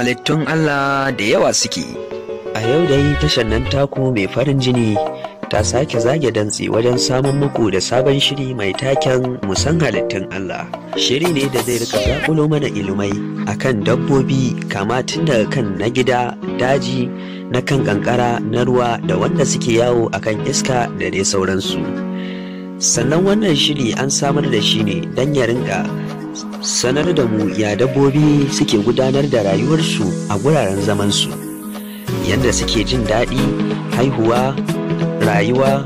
halittun Allah da yawa suke. A yau dai tashar nan taku mai farin jini ta sake zage dantsi wajen samun muku da sabon shiri mai taken musan halittun Allah. Shiri ne da zai rika zaƙulo mana ilimai. A kan dabbobi kama tun daga kan na gida, daji, na kan ƙanƙara na ruwa da wanda suke yawo a kan iska da dai sauransu. Sannan wannan shiri an samar da shi ne don ya rinka sanar da mu ya dabbobi suke gudanar da rayuwarsu a guraren zamansu yadda suke jin daɗi haihuwa rayuwa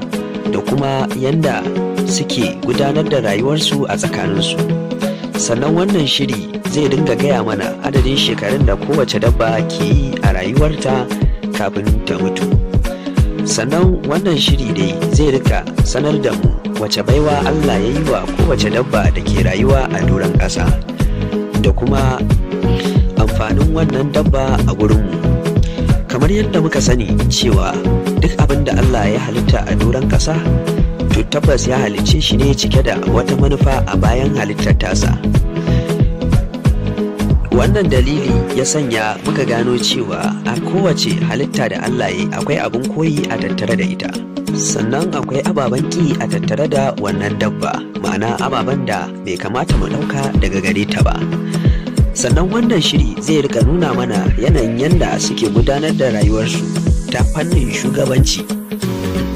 da kuma yadda suke gudanar da rayuwarsu a tsakaninsu sannan wannan shiri zai dinga gaya mana adadin shekarun da kowace dabba ke yi a rayuwarta kafin ta mutu sannan wannan shiri dai zai rika sanar da mu wace baiwa Allah ya yi wa kowace dabba da ke rayuwa a doron ƙasa da kuma amfanin wannan dabba a gurinmu kamar yadda muka sani cewa duk abin da Allah ya halitta a doron ƙasa to tabbas ya halicce shi ne cike da wata manufa a bayan halittar tasa. wannan dalili ya sanya muka gano cewa a kowace halitta da Allah ya akwai abin koyi a tattare da ita sannan akwai ababen ki a tattare da wannan dabba ma'ana ababen da bai kamata mu ɗauka daga gare ta ba sannan wannan shiri zai rika nuna mana yanayin yadda suke gudanar da rayuwarsu ta fannin shugabanci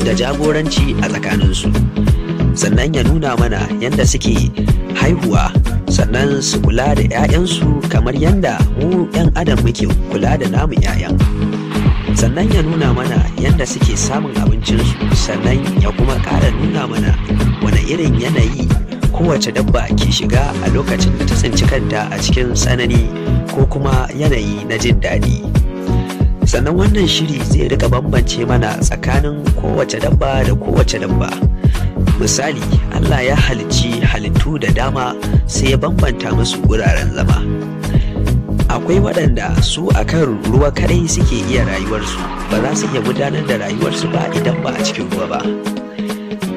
da jagoranci a tsakaninsu sannan ya nuna mana yadda suke haihuwa sannan su kula da 'ya'yansu kamar yadda mu 'yan adam muke kula da namu 'ya'yan sannan ya nuna mana yadda suke samun abincinsu sannan ya kuma ƙara nuna mana wani irin yanayi kowace dabba ke shiga a lokacin da ta tsinci kanta a cikin tsanani ko kuma yanayi na jin daɗi sannan wannan shiri zai rika bambance mana tsakanin kowace dabba da kowace dabba. misali allah ya halicci halittu da dama sai ya bambanta musu wuraren zama akwai waɗanda su a kan ruwa kaɗai suke iya rayuwarsu ba za su iya gudanar da rayuwarsu ba idan ba a cikin ruwa ba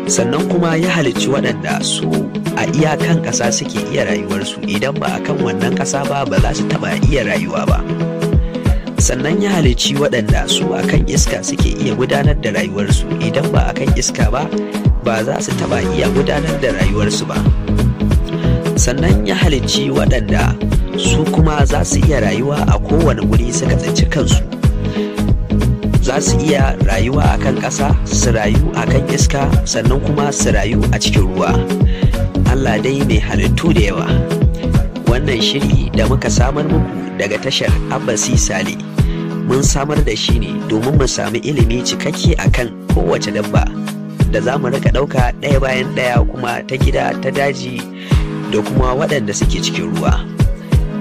sannan kuma ya halicci waɗanda su a iyakan ƙasa suke iya rayuwarsu idan ba a kan wannan ƙasa ba ba za su taɓa iya rayuwa ba sannan ya halicci waɗanda su a kan iska suke iya gudanar da rayuwarsu idan ba a kan iska ba ba za su taba iya gudanar da rayuwarsu ba sannan ya halicci waɗanda su kuma za su iya rayuwa a kowane guri suka tsinci kansu za su iya rayuwa a kan ƙasa su rayu a kan iska sannan kuma su rayu a cikin ruwa allah dai mai halittu da yawa wannan shiri da muka samar muku daga tashar abbasi sale mun samar da shi ne domin mu sami ilimi cikakke akan kowace dabba da za mu rika ɗauka ɗaya bayan ɗaya kuma ta gida ta daji da kuma waɗanda suke cikin ruwa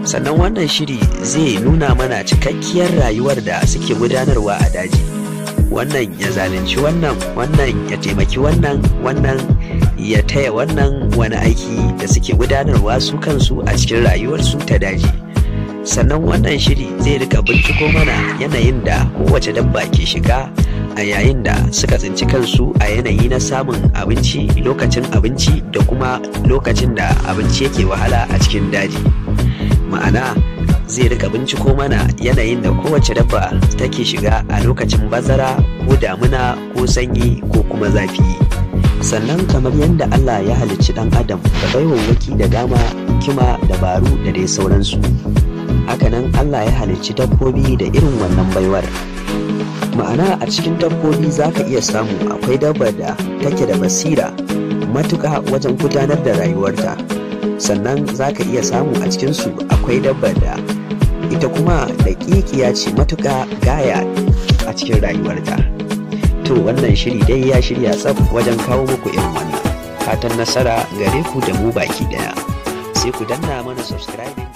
sannan wannan shiri zai nuna mana cikakkiyar rayuwar da suke gudanarwa a daji wannan ya zalunci wannan wannan ya taimaki wannan wannan ya taya wannan wani aiki da suke gudanarwa su kansu a cikin rayuwarsu ta daji sannan wannan shiri zai rika binciko mana yanayin da kowace dabba ke shiga a yayin da suka tsinci kansu a yanayi na samun abinci lokacin abinci da kuma lokacin da abinci yake wahala a cikin daji ma'ana zai rika binciko mana yanayin da kowace dabba take shiga a lokacin bazara ko damuna ko sanyi ko kuma zafi sannan kamar yadda Allah ya halicci ɗan adam da waki da dama hikima dabaru da dai sauransu hakanan Allah ya halicci dabbobi da irin wannan baiwar ma'ana a cikin dabbobi za ka iya samu akwai dabbar da take da basira matuƙa wajen gudanar da rayuwarta sannan za ka iya samu a cikinsu akwai dabbar da ita kuma da ƙiƙiya ce matuƙa gaya a cikin rayuwarta to wannan shiri dai ya shirya tsaf wajen kawo muku irin wannan fatan nasara gare ku da mu baki daya sai ku danna mana subscribing